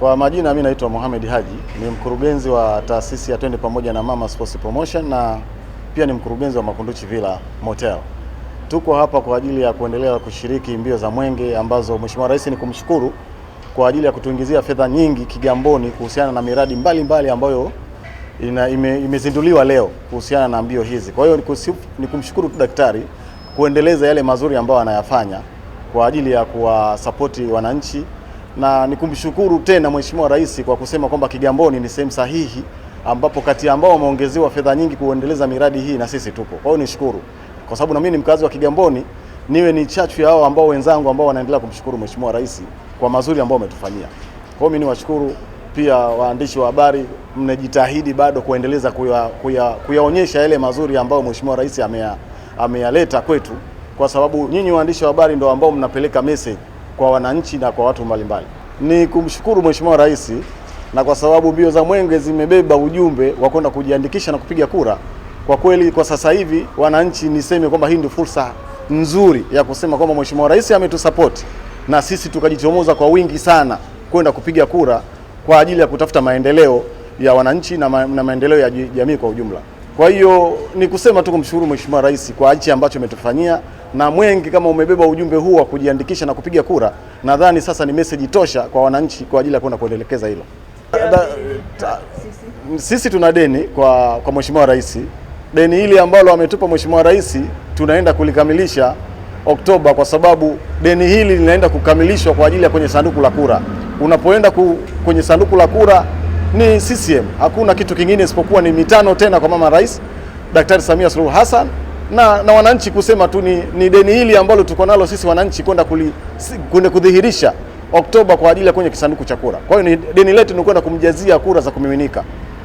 Kwa majina mimi naitwa Mohamed Haji, ni mkurugenzi wa taasisi ya Twende Pamoja na Mama Sports Promotion na pia ni mkurugenzi wa Makunduchi Villa Motel. Tuko hapa kwa ajili ya kuendelea kushiriki mbio za Mwenge ambazo Mheshimiwa Rais ni kumshukuru kwa ajili ya kutuingizia fedha nyingi Kigamboni kuhusiana na miradi mbalimbali mbali ambayo ina, ime, imezinduliwa leo kuhusiana na mbio hizi. Kwa hiyo ni kumshukuru tu daktari kuendeleza yale mazuri ambayo anayafanya kwa ajili ya kuwasapoti wananchi na nikumshukuru tena Mheshimiwa Rais kwa kusema kwamba Kigamboni ni sehemu sahihi ambapo kati ambao wameongezewa fedha nyingi kuendeleza miradi hii na sisi tupo. Kwa hiyo nishukuru kwa sababu na mimi ni mkazi wa Kigamboni, niwe ni chachu ya hao ambao wenzangu ambao wanaendelea kumshukuru Mheshimiwa Rais kwa mazuri ambayo wametufanyia. Kwa hiyo mimi niwashukuru pia waandishi wa habari, mnajitahidi bado kuendeleza kuyaonyesha yale mazuri ambayo Mheshimiwa Rais ameyaleta kwetu, kwa sababu nyinyi waandishi wa habari ndio ambao mnapeleka message kwa wananchi na kwa watu mbalimbali. Ni kumshukuru Mheshimiwa Rais, na kwa sababu mbio za mwenge zimebeba ujumbe wa kwenda kujiandikisha na kupiga kura. Kwa kweli kwa sasa hivi wananchi, niseme kwamba hii ndio fursa nzuri ya kusema kwamba Mheshimiwa Rais ametusapoti na sisi tukajichomoza kwa wingi sana kwenda kupiga kura kwa ajili ya kutafuta maendeleo ya wananchi na, ma na maendeleo ya jamii kwa ujumla. Kwa hiyo ni kusema tu kumshukuru Mheshimiwa Rais kwa hichi ambacho umetufanyia, na mwengi kama umebeba ujumbe huu wa kujiandikisha na kupiga kura, nadhani sasa ni meseji tosha kwa wananchi kwa ajili ya kwenda kuelekeza hilo. Sisi tuna deni kwa, kwa Mheshimiwa Rais. Deni hili ambalo ametupa Mheshimiwa Rais tunaenda kulikamilisha Oktoba, kwa sababu deni hili linaenda kukamilishwa kwa ajili ya kwenye sanduku la kura. Unapoenda ku, kwenye sanduku la kura ni CCM, hakuna kitu kingine isipokuwa ni mitano tena kwa mama rais Daktari Samia Suluhu Hassan na, na wananchi kusema tu ni, ni deni hili ambalo tuko nalo sisi wananchi kwenda kudhihirisha Oktoba kwa ajili ya kwenye kisanduku cha kura. Kwa hiyo ni deni letu ni kwenda kumjazia kura za kumiminika.